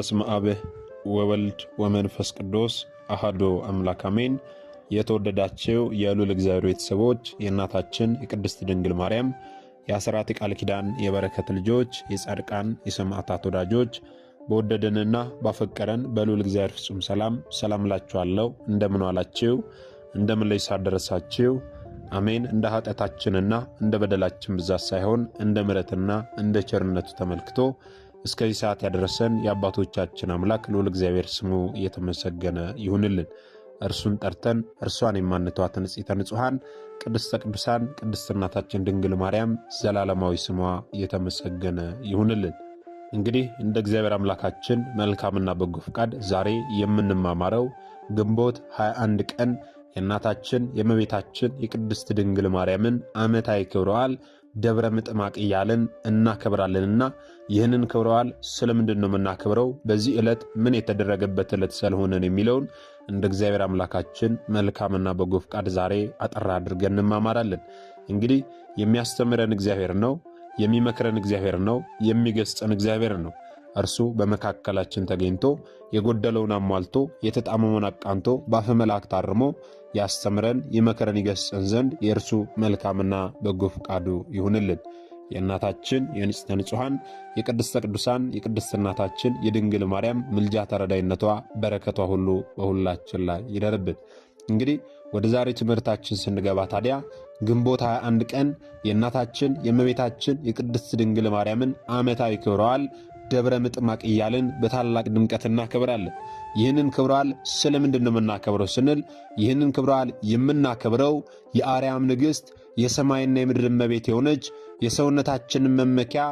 በስም አብ ወወልድ ወመንፈስ ቅዱስ አህዶ አምላክ አሜን። የተወደዳቸው የሉል እግዚአብሔር ቤተሰቦች የእናታችን የቅድስት ድንግል ማርያም የአስራት የቃል ኪዳን የበረከት ልጆች የጻድቃን የሰማዕታት ወዳጆች በወደደንና ባፈቀረን በሉል እግዚአብሔር ፍጹም ሰላም ሰላም ላችኋለሁ። እንደምን ዋላችሁ? እንደምን ላይ ሳደረሳችሁ? አሜን። እንደ ኃጢአታችንና እንደ በደላችን ብዛት ሳይሆን እንደ ምረትና እንደ ቸርነቱ ተመልክቶ እስከዚህ ሰዓት ያደረሰን የአባቶቻችን አምላክ ልዑል እግዚአብሔር ስሙ እየተመሰገነ ይሁንልን። እርሱን ጠርተን እርሷን የማንተዋት ንጽሕተ ንጹሐን ቅድስተ ቅዱሳን ቅድስት እናታችን ድንግል ማርያም ዘላለማዊ ስሟ እየተመሰገነ ይሁንልን። እንግዲህ እንደ እግዚአብሔር አምላካችን መልካምና በጎ ፈቃድ ዛሬ የምንማማረው ግንቦት 21 ቀን የእናታችን የእመቤታችን የቅድስት ድንግል ማርያምን ዓመታዊ ክብረ በዓል ደብረ ምጥማቅ እያለን እናከብራለንና ይህንን ክብረ በዓል ስለምንድን ነው የምናከብረው? በዚህ ዕለት ምን የተደረገበት ዕለት ስለሆነን የሚለውን እንደ እግዚአብሔር አምላካችን መልካምና በጎ ፍቃድ ዛሬ አጠራ አድርገን እንማማራለን። እንግዲህ የሚያስተምረን እግዚአብሔር ነው፣ የሚመክረን እግዚአብሔር ነው፣ የሚገስጸን እግዚአብሔር ነው። እርሱ በመካከላችን ተገኝቶ የጎደለውን አሟልቶ የተጣመመን አቃንቶ በአፈ መልአክ ታርሞ ያስተምረን ይመክረን ይገስጸን ዘንድ የእርሱ መልካምና በጎ ፈቃዱ ይሁንልን። የእናታችን የንጽሕተ ንጹሐን የቅድስተ ቅዱሳን የቅድስት እናታችን የድንግል ማርያም ምልጃ ተረዳይነቷ በረከቷ ሁሉ በሁላችን ላይ ይደርብን። እንግዲህ ወደ ዛሬ ትምህርታችን ስንገባ ታዲያ ግንቦት 21 ቀን የእናታችን የእመቤታችን የቅድስት ድንግል ማርያምን ዓመታዊ ክብረዋል። ደብረ ምጥማቅ እያልን በታላቅ ድምቀት እናከብራለን። ይህንን ክብረ በዓል ስለምንድን ነው የምናከብረው ስንል ይህንን ክብረ በዓል የምናከብረው የአርያም ንግሥት የሰማይና የምድር እመቤት የሆነች የሰውነታችንን መመኪያ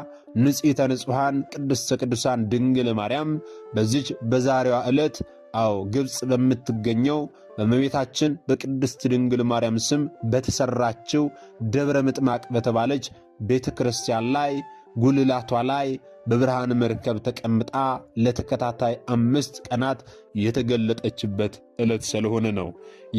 ንጽሕተ ንጹሐን ቅድስተ ቅዱሳን ድንግል ማርያም በዚች በዛሬዋ ዕለት አዎ ግብፅ በምትገኘው በእመቤታችን በቅድስት ድንግል ማርያም ስም በተሠራችው ደብረ ምጥማቅ በተባለች ቤተ ክርስቲያን ላይ ጉልላቷ ላይ በብርሃን መርከብ ተቀምጣ ለተከታታይ አምስት ቀናት የተገለጠችበት ዕለት ስለሆነ ነው።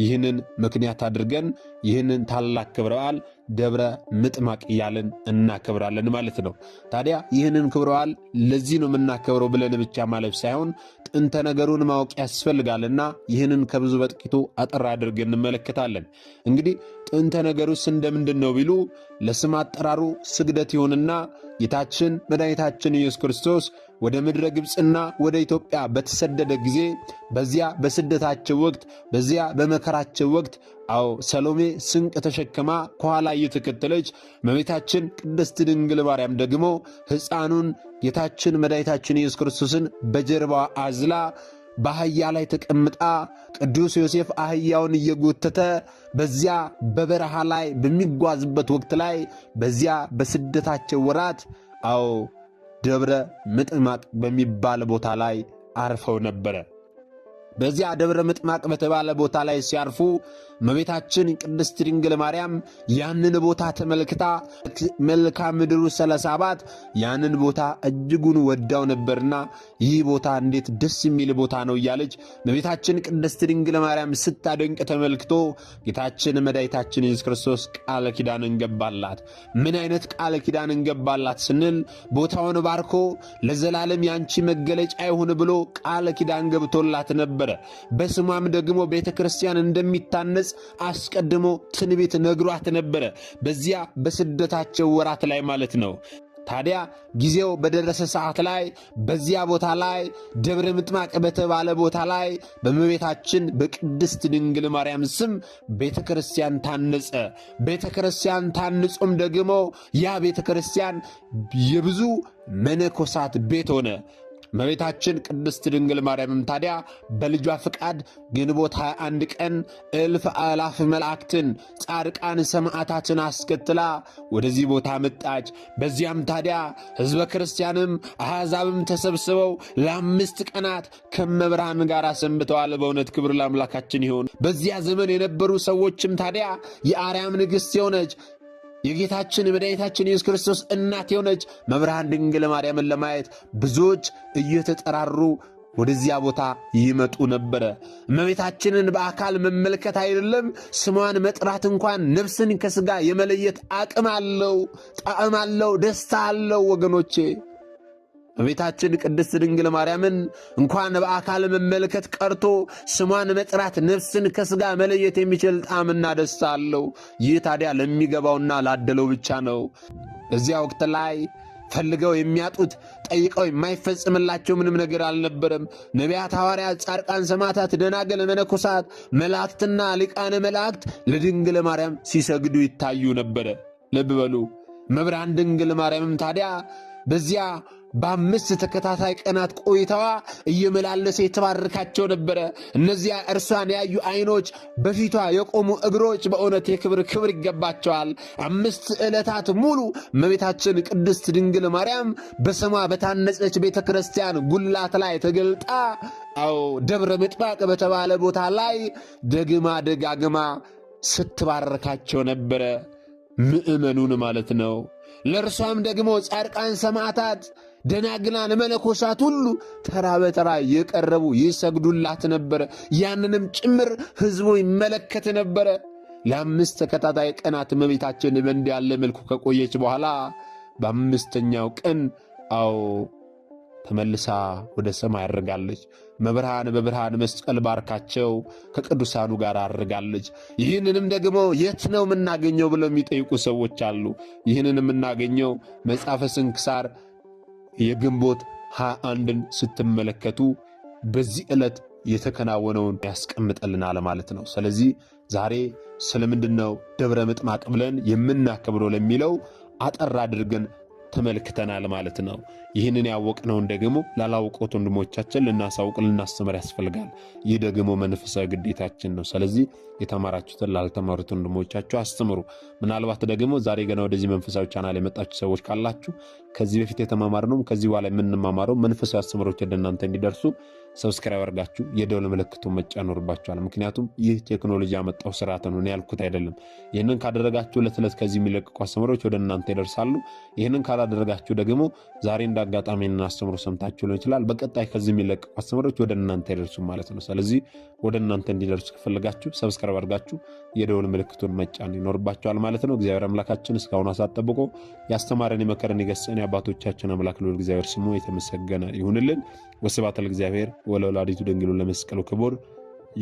ይህንን ምክንያት አድርገን ይህንን ታላቅ ክብረ በዓል ደብረ ምጥማቅ እያልን እናከብራለን ማለት ነው። ታዲያ ይህንን ክብረ በዓል ለዚህ ነው የምናከብረው ብለን ብቻ ማለፍ ሳይሆን ጥንተ ነገሩን ማወቅ ያስፈልጋልና ይህንን ከብዙ በጥቂቱ አጠር አድርገን እንመለከታለን። እንግዲህ ጥንተ ነገሩስ እንደምንድን ነው ቢሉ ለስም አጠራሩ ስግደት ይሁንና ጌታችን መድኃኒታችን ኢየሱስ ክርስቶስ ወደ ምድረ ግብፅና ወደ ኢትዮጵያ በተሰደደ ጊዜ በዚያ በስደታቸው ወቅት በዚያ በመከራቸው ወቅት አዎ ሰሎሜ ስንቅ ተሸክማ ከኋላ እየተከተለች እመቤታችን ቅድስት ድንግል ማርያም ደግሞ ሕፃኑን ጌታችን መድኃኒታችን ኢየሱስ ክርስቶስን በጀርባ አዝላ በአህያ ላይ ተቀምጣ ቅዱስ ዮሴፍ አህያውን እየጎተተ በዚያ በበረሃ ላይ በሚጓዝበት ወቅት ላይ በዚያ በስደታቸው ወራት አዎ ደብረ ምጥማቅ በሚባል ቦታ ላይ አርፈው ነበረ። በዚያ ደብረ ምጥማቅ በተባለ ቦታ ላይ ሲያርፉ እመቤታችን ቅድስት ድንግል ማርያም ያንን ቦታ ተመልክታ መልክዓ ምድሩ ሰለሳባት ያንን ቦታ እጅጉን ወዳው ነበርና ይህ ቦታ እንዴት ደስ የሚል ቦታ ነው እያለች እመቤታችን ቅድስት ድንግል ማርያም ስታደንቅ ተመልክቶ ጌታችን መድኃኒታችን ኢየሱስ ክርስቶስ ቃለ ኪዳን እንገባላት። ምን አይነት ቃለ ኪዳን እንገባላት ስንል ቦታውን ባርኮ ለዘላለም ያንቺ መገለጫ ይሁን ብሎ ቃለ ኪዳን ገብቶላት ነበር። ነበረ። በስሟም ደግሞ ቤተ ክርስቲያን እንደሚታነጽ አስቀድሞ ትንቢት ነግሯት ነበረ። በዚያ በስደታቸው ወራት ላይ ማለት ነው። ታዲያ ጊዜው በደረሰ ሰዓት ላይ በዚያ ቦታ ላይ ደብረ ምጥማቅ በተባለ ቦታ ላይ በእመቤታችን በቅድስት ድንግል ማርያም ስም ቤተ ክርስቲያን ታነጸ። ቤተ ክርስቲያን ታንጾም ደግሞ ያ ቤተ ክርስቲያን የብዙ መነኮሳት ቤት ሆነ። እመቤታችን ቅድስት ድንግል ማርያምም ታዲያ በልጇ ፍቃድ ግንቦት 21 ቀን እልፍ አላፍ መላእክትን፣ ጻድቃን፣ ሰማዕታትን አስከትላ ወደዚህ ቦታ መጣች። በዚያም ታዲያ ሕዝበ ክርስቲያንም አሕዛብም ተሰብስበው ለአምስት ቀናት ከመብርሃን ጋር ሰንብተዋል። በእውነት ክብር ለአምላካችን ይሆን። በዚያ ዘመን የነበሩ ሰዎችም ታዲያ የአርያም ንግሥት የሆነች የጌታችን የመድኃኒታችን ኢየሱስ ክርስቶስ እናት የሆነች መብርሃን ድንግል ማርያምን ለማየት ብዙዎች እየተጠራሩ ወደዚያ ቦታ ይመጡ ነበረ። እመቤታችንን በአካል መመልከት አይደለም ስሟን መጥራት እንኳን ነፍስን ከሥጋ የመለየት አቅም አለው፣ ጣዕም አለው፣ ደስታ አለው ወገኖቼ። እመቤታችን ቅድስት ድንግል ማርያምን እንኳን በአካል መመልከት ቀርቶ ስሟን መጥራት ነፍስን ከሥጋ መለየት የሚችል ጣዕምና ደስታ አለው። ይህ ታዲያ ለሚገባውና ላደለው ብቻ ነው። እዚያ ወቅት ላይ ፈልገው የሚያጡት ጠይቀው የማይፈጽምላቸው ምንም ነገር አልነበረም። ነቢያት፣ ሐዋርያት፣ ጻድቃን፣ ሰማዕታት፣ ደናገል፣ መነኮሳት፣ መላእክትና ሊቃነ መላእክት ለድንግል ማርያም ሲሰግዱ ይታዩ ነበረ። ልብ በሉ። መብርሃን ድንግል ማርያምም ታዲያ በዚያ በአምስት ተከታታይ ቀናት ቆይታዋ እየመላለሰ የተባረካቸው ነበረ። እነዚያ እርሷን ያዩ አይኖች በፊቷ የቆሙ እግሮች በእውነት የክብር ክብር ይገባቸዋል። አምስት ዕለታት ሙሉ እመቤታችን ቅድስት ድንግል ማርያም በስሟ በታነጸች ቤተ ክርስቲያን ጉላት ላይ ተገልጣ አዎ ደብረ ምጥማቅ በተባለ ቦታ ላይ ደግማ ደጋግማ ስትባረካቸው ነበረ። ምዕመኑን ማለት ነው። ለእርሷም ደግሞ ጻድቃን ሰማዕታት ደናግላን መነኮሳት ሁሉ ተራ በተራ የቀረቡ ይሰግዱላት ነበረ። ያንንም ጭምር ሕዝቡ ይመለከት ነበረ። ለአምስት ተከታታይ ቀናት እመቤታችን በእንዲህ ያለ መልኩ ከቆየች በኋላ በአምስተኛው ቀን አዎ ተመልሳ ወደ ሰማይ አድርጋለች። መብርሃን በብርሃን መስቀል ባርካቸው ከቅዱሳኑ ጋር አድርጋለች። ይህንንም ደግሞ የት ነው የምናገኘው ብለው የሚጠይቁ ሰዎች አሉ። ይህንን የምናገኘው መጽሐፈ ስንክሳር የግንቦት 21ን ስትመለከቱ በዚህ ዕለት የተከናወነውን ያስቀምጠልናል ማለት ነው። ስለዚህ ዛሬ ስለምንድን ነው ደብረ ምጥማቅ ብለን የምናከብረው ለሚለው አጠር አድርገን ተመልክተናል ማለት ነው። ይህንን ያወቅነውን ደግሞ ላላውቁት ወንድሞቻችን ልናሳውቅ ልናስተምር ያስፈልጋል። ይህ ደግሞ መንፈሳዊ ግዴታችን ነው። ስለዚህ የተማራችሁትን ላልተማሩት ወንድሞቻችሁ አስተምሩ። ምናልባት ደግሞ ዛሬ ገና ወደዚህ መንፈሳዊ ቻናል የመጣችሁ ሰዎች ካላችሁ ከዚህ በፊት የተማማርነውም ከዚህ በኋላ የምንማማረው መንፈሳዊ አስተምሮች ወደ እናንተ እንዲደርሱ ሰብስክራይብ አድርጋችሁ የደውል ምልክቱ መጫ ይኖርባችኋል። ምክንያቱም ይህ ቴክኖሎጂ ያመጣው ስርዓት ነው ያልኩት አይደለም። ይህንን ካደረጋችሁ ዕለት ዕለት ከዚህ የሚለቅቁ አስተምሮች ወደ እናንተ ይደርሳሉ። ይህንን ካላደረጋችሁ ደግሞ ዛሬ እንደ አጋጣሚ አስተምሮ ሰምታችሁ ሊሆን ይችላል። በቀጣይ ከዚህ የሚለቀቁ አስተምሮች ወደ እናንተ አይደርሱም ማለት ነው። ስለዚህ ወደ እናንተ እንዲደርሱ ከፈለጋችሁ ሰብስክራይብ አድርጋችሁ የደውል ምልክቱን መጫን ይኖርባችኋል ማለት ነው። እግዚአብሔር አምላካችን እስካሁን አሳጠብቆ ያስተማረን የመከረን የገሰን የአባቶቻችን አምላክ ልዑል እግዚአብሔር ስሙ የተመሰገነ ይሁንልን። ወስብሐት ለእግዚአብሔር ወለወላዲቱ ድንግሉ ለመስቀሉ ክቡር።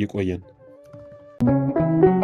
ይቆየን።